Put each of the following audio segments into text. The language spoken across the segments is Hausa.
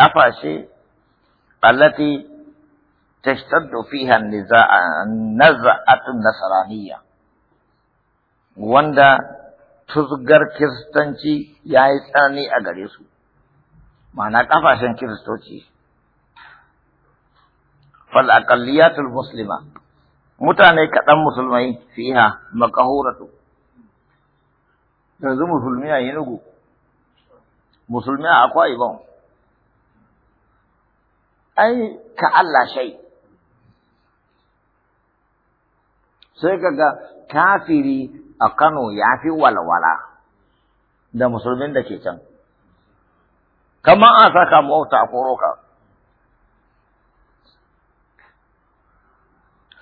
kafa ce allati tashtaddu fiha naz'atun nasraniyya wanda tuzgar kiristanci ya yi tsanani a gare su ma'ana kafashen kiristoci fal aqalliyatul muslima mutane kaɗan musulmai fiha makahuratu yanzu musulmi a Enugu musulmi a akwai ai ka Allah shai sai kaga kafiri a Kano ya fi walwala da musulmin da ke can Kama an saka mota a koroka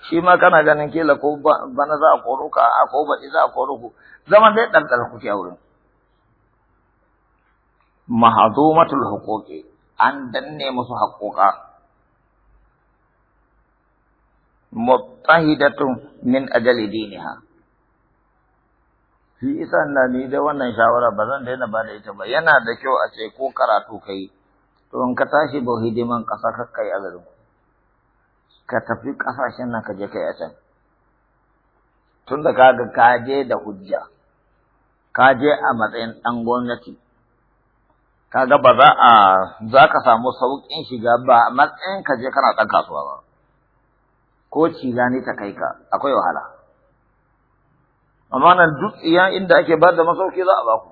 shi ma kana ganin kila ko bana za a koroka a ko baɗi za a koroku zaman dai ɗanɗar kuke wurin Mahadumatul hukuki an danne musu haƙoƙa mubtahidatun min ajali diniha shi isa na ni da wannan shawara ba zan daina ba da ita ba yana da kyau a ce ko karatu kai to in ka tashi ba hidiman ƙasa ka kai azarin ka tafi ƙasashen nan ka je kai a can tun da ka ga ka da hujja ka a matsayin ɗan gwamnati kaga ba za a za ka samu sauƙin shiga ba matsayin ka je kana ɗan kasuwa ba ko ciza ne ta kai ka akwai wahala amma nan duk iya inda ake ba da masauki za a ba ku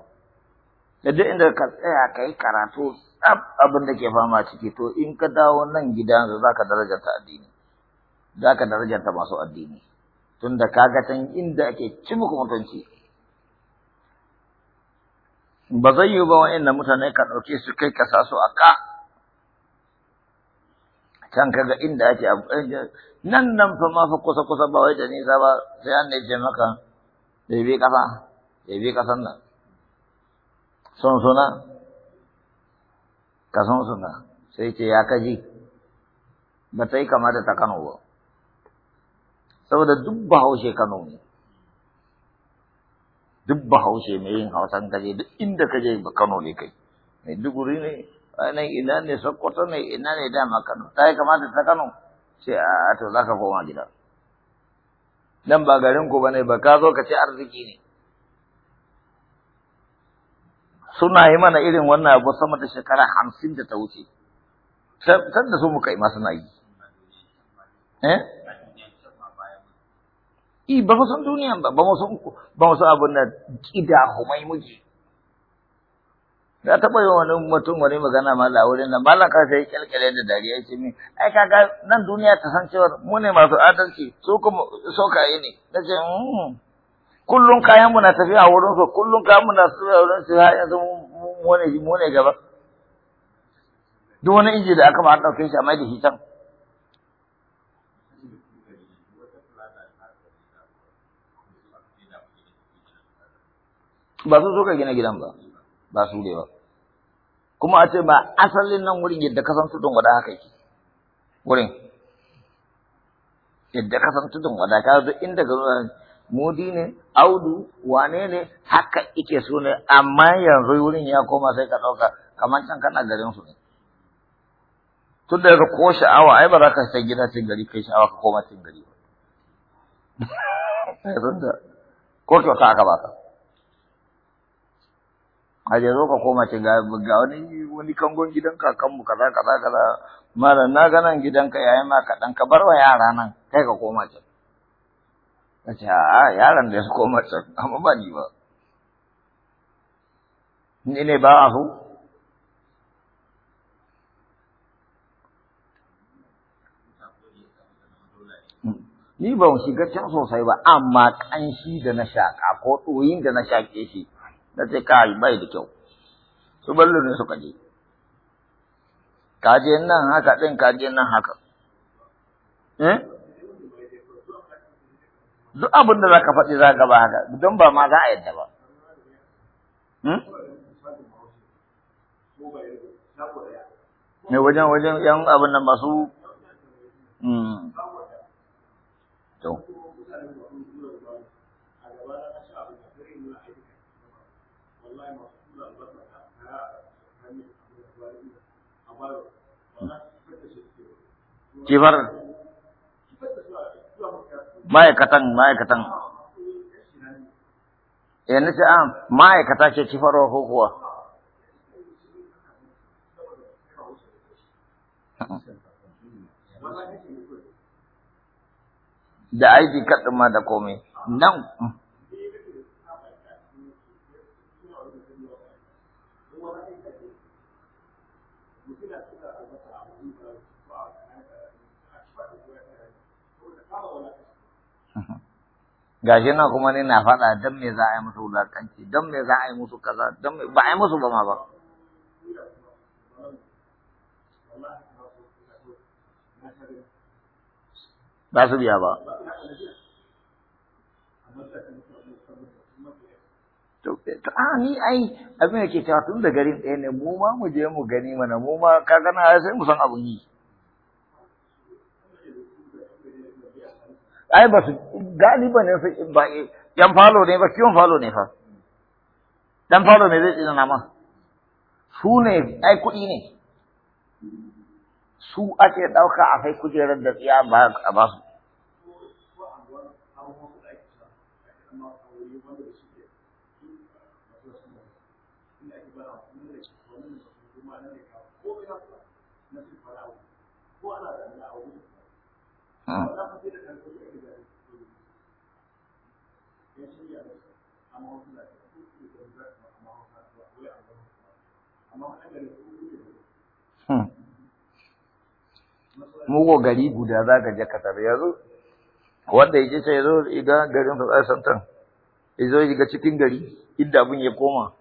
da duk inda ka tsaya ka yi karatu tsab abin da ke fama ciki to in ka dawo nan gida za ka darajanta addini za ka darajanta masu addini tunda kaga can inda ake ci mutunci ba zai yi ba wa'annan mutane ka ɗauke su kai ka sa su a ka can kaga inda ake eh, eh, nan nan fa ma fa kusa kusa ba wai da nisa ba sai an ne ce maka ɗebe ƙasa bi ƙasan nan son suna ka son suna sai ce ya kaji ba ta yi kama da ta Kano ba saboda duk bahaushe Kano ne duk bahaushe mai yin hausan gaje duk inda kaje ba Kano ne kai mai wuri ne nan ina ne Sokoto ne ina ne dama Kano ta yi kamata ta Kano sai a to ka koma gida Nan ba garin ku ba ne ba ka zo ka ci arziki ne suna yi mana irin wannan abu sama da shekara hamsin da ta wuce. Sanda su muka yi ma suna yi. Eh? I ba eh, mu san duniyan ba, ba mu san ku, ba mu san abin da kida humai muke. Da taɓa yi wani mutum wani magana ma da wurin nan, bala ka sai kyalkyale da dariya ce min, ai kaga nan duniya ta san cewa mu ne masu adalci, su kuma sokaye ne. Na ce, kullum kayan mu na tafiya wurin su, kullum kayan mu na tafiya wurin su, har yanzu mu ne gaba. Duk wani inji da aka ma an ɗauke shi a mai da shi can. ba su ka gina gidan ba ba su ne ba kuma a ce ba asalin nan wurin yadda ka san tudun wada haka yake wurin yadda ka san tudun wada ka zo inda ka zo mudi ne audu wane ne haka ike so ne amma yanzu wurin ya koma sai ka ɗauka kamar can kana garin su ne tun da ko sha'awa ai ba za ka san gida cin gari kai sha'awa ka koma cin gari ba ko kyauta aka ka. a je zo ka koma ce ga wani wani kangon gidan mu kaza kaza kaza mara na gidan gidanka yayin ma dan ka bar wa yara nan kai ka koma ce. ka a yaran da su koma ce, amma ba ni ba ni ne ba a Ni ba shi shiga can sosai ba amma ƙanshi da na shaƙa ko ɗoyin da na shaƙe shi na ce kai bai da kyau su ballo ne suka je kaje nan haka din kaje nan haka eh duk abin da ka faɗi ka ba haka don ba ma za a yadda ba ne hmm? wajen wajen yan abin nan masu hmm. to wallahi kifar ma'aikatan ma'aikatan Ya nace eh, a ah, ma'aikata ce kifarwa ko kuwa da aiki kaɗin ma da komai nan shi na kuma ne na faɗa don me za a yi musu wulaƙanci don me za a yi musu kaza don me ba a yi musu ba ma ba ba su biya ba to a ni ai abin da ke cewa tun da garin ɗaya ne mu ma mu je mu gani mana mu ma ka gana sai mu san abun yi ai ba su ba ne su ba yan falo ne ba kiyon falo ne fa dan falo ne zai tsina ma su ne ai kuɗi ne su ake ɗauka a kai kujerar da tsiya ba a ba su Hmm. Hmm. mugo gari guda za ka je ka tare yanzu wanda yake ce zo idan garin sa san tan yazo ga cikin gari inda abin ya koma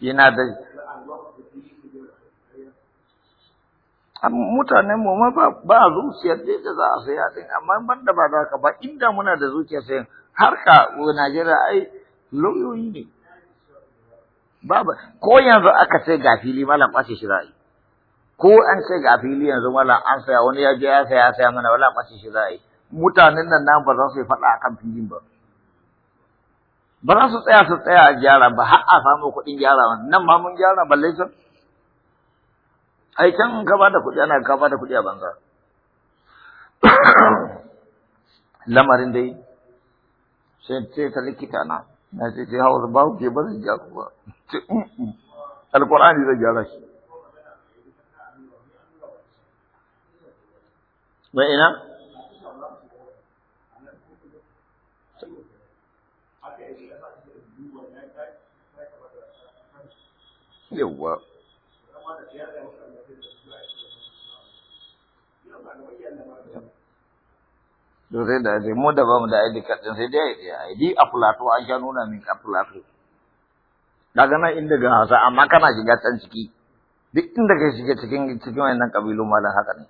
yana da mutanen mu ma ba zuciyar da za a saya din amma ban da ba za ka ba inda muna da zuciyar sayan harka Najeriya ai lauyoyi ne. Baba, ko yanzu aka sai ga fili malam ɓace shi za'a yi. Ko an sai ga fili yanzu malam an saya wani ya je ya saya ya saya mana wala ɓace shi za'a yi. Mutanen nan nan ba za su yi faɗa a kan filin ba. Ba za su tsaya su tsaya a gyara ba har a samu kuɗin gyara nan ma mun gyara balle can. Ai can ka ba da kuɗi ana ka ba da kuɗi a banza. Lamarin dai sai ce ta likita na na ce ce hausa babu ke ba zai gyaru ba ce alkur'ani zai gyara shi mai ina yawwa Yeah. sosai da ake mu da bamu da ID card din sai dai ID a plato an sha nuna min ka plato daga nan inda ga Hausa amma kana shiga can ciki duk inda kai shiga cikin cikin wannan kabilu malan haka ne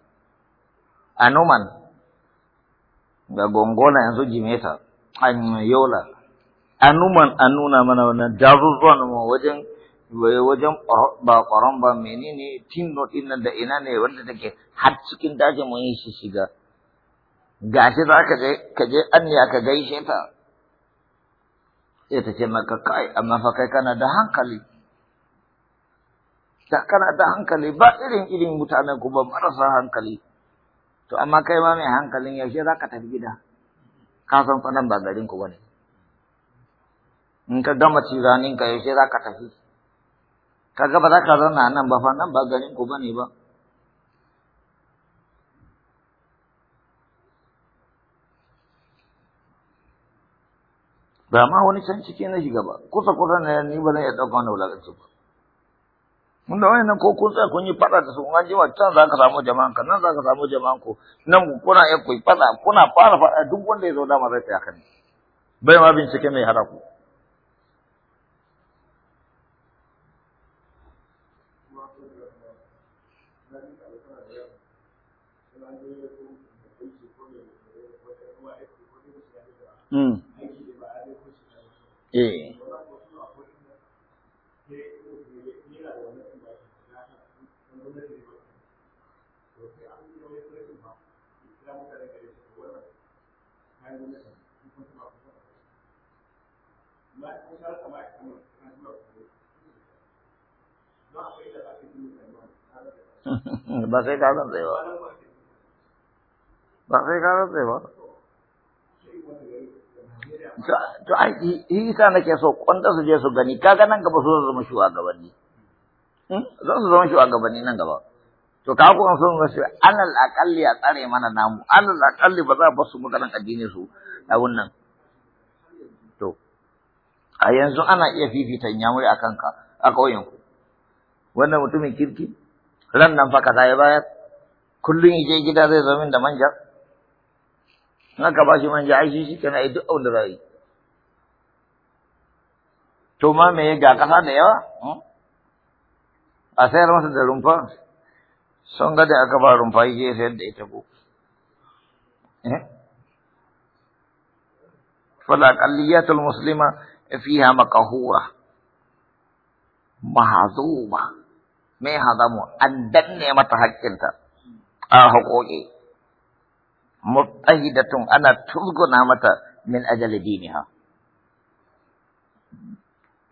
anoman ga gongona yanzu Jimeta an Yola a an nuna mana wannan dazuzzuwan mu wajen wajen ba kwaron ba menene tin ɗin nan da ina ne wanda take har cikin dajin mun yi shi shiga gashi za ka je ka je anniya ka gaishe ta Ita ce maka kai amma fa kai kana da hankali ta kana da hankali ba irin irin mutanen ku ba marasa hankali to amma kai ma mai hankalin yaushe za ka tafi gida ka san tsanan ba garin ku bane in ka gama cizanin ka yaushe za ka tafi kaga ba za ka zauna nan ba fa nan ba garin ku bane ba ba ma wani can cike na shiga ba kusa kusa na ni ba zan iya ɗauka wani wulaƙanci ba mun da wayannan ko kun tsaya kun yi faɗa da su kun an jima can za ka samu jama'an ka nan za ka samu jama'an ku nan ku kuna iya ku faɗa kuna fara faɗa duk wanda ya zo dama zai tsaya kan bai ma bincike mai hada ku Mm. ba sai ka zan tsaye ba ba sai ka zan tsaye ba to ai isa nake so kwanta su je su gani kaga nan gaba su zama shugabanni hmm? za su zama shugabanni nan gaba to ka ku an so shi anal aqalli a tsare mana namu anal aqalli ba za a basu maganan addini su a wannan to a yanzu ana iya fifita nyamuri akan ka a kauyen ku wannan mutumin kirki ran nan fa ka ya bayar kullum ije gida zai zo min da manja in aka ba shi manja aishi shi kana yi duk abin da za yi. To ma me ga kasa yawa? Hmm? A masa da rumfa? Sun ga da aka ba rumfa yi ke sayar da ita ko. Eh? Fala kalliyatul muslima fiha makahura. Mahazuba. Me hazamu an danne mata haƙƙinta a haƙoƙi. mutahidatun ana turguna mata min ajali diniha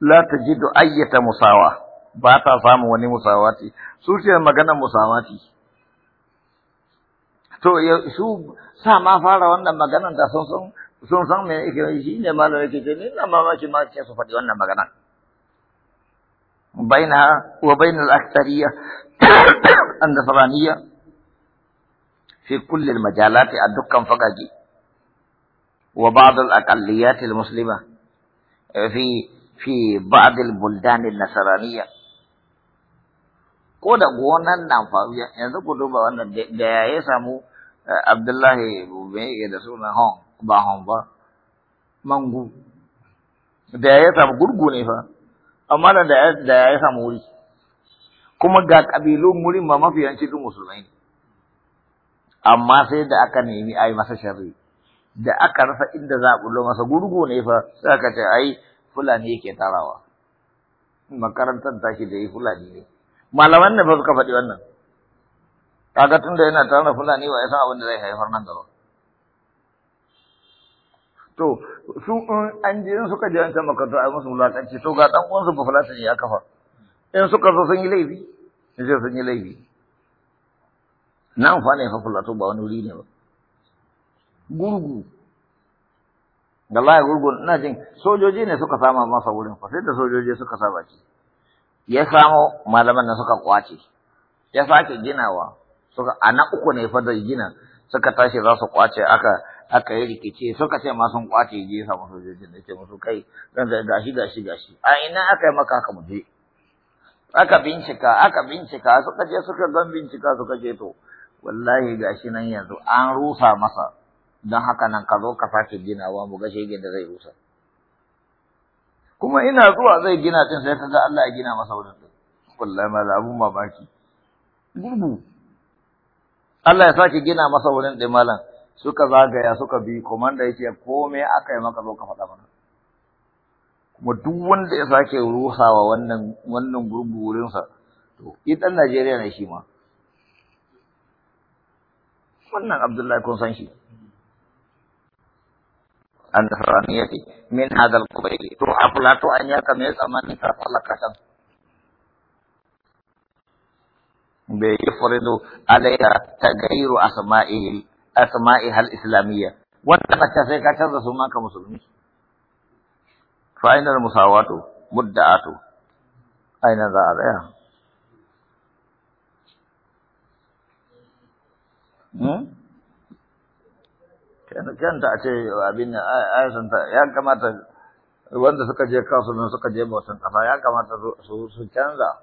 la tajidu ayyata musawa ba ta samu wani musawati su ce magana musawati to su sa ma fara wannan maganan da sun san sun san me yake shi ne malam yake ce ni na mamaki ma ce su faɗi wannan maganan bainaha wa bainal aktariyya an sabaniya. في كل المجالات الدكان فقاجي وبعض الأقليات المسلمة في في بعض البلدان النصرانية كودا غونا نافاويا يعني كودو بوانا ديا يسامو عبد الله بومي يدسونا هون با با مانغو ديا يسامو غرغو نيفا أما ديا يسامو ري كما قاك أبي لو مولي ما ما في أنشي دو مسلمين amma sai da aka nemi ai masa sharri da aka rasa inda za a bullo masa gurgu ne fa sai aka ce ai fulani yake tarawa makarantar shi da yi fulani ne malaman ne fa suka faɗi wannan kaga tunda yana tarawa fulani wa yasa abin da zai haifar nan gaba to su an je in suka je an can makarantu a musu wulakanci to ga dan uwansu ba fulani ya kafa in suka zo sun yi laifi in sun yi laifi nan fa ne fa fulato ba wani wuri ne ba gurgu laye gurgu ina jin sojoji ne suka sama masa wurin fa sai da sojoji suka saba baki ya samo malaman nan suka kwace ya sake ginawa suka a na uku ne fa da gina suka tashi za su kwace aka aka yi rikice suka ce ma sun kwace je ya samu sojoji da ke musu kai dan da gashi gashi gashi a ina aka yi maka haka mu je aka bincika aka bincika suka je suka gan bincika suka je to wallahi ga shi nan yanzu an rusa masa don haka nan ka zo ka sake ginawa mu ga shege da zai rusa kuma ina zuwa zai gina din sai ka ga Allah ya gina masa wurin din wallahi ma abun mamaki gudu Allah ya sake gina masa wurin din malam suka zagaya suka bi komanda yake komai aka yi maka zo ka faɗa mana kuma duk wanda ya sake rusawa wannan wannan gurbu sa to idan Najeriya ne shi ma wannan abdullahi kun san shi an yake min hadal kubairi to to an ya kame tsammanin karfa lakasan bai yi furido alayya ta gairu asma'i asma'i hal islamiyya wanda ta sai ka canza su maka musulmi fa'inar musawatu mudda'atu aina za a tsaya Eh? Kanta a ce abin ta ya kamata wanda suka je kasu kasuwa suka je bautan ƙasa ya kamata su canza.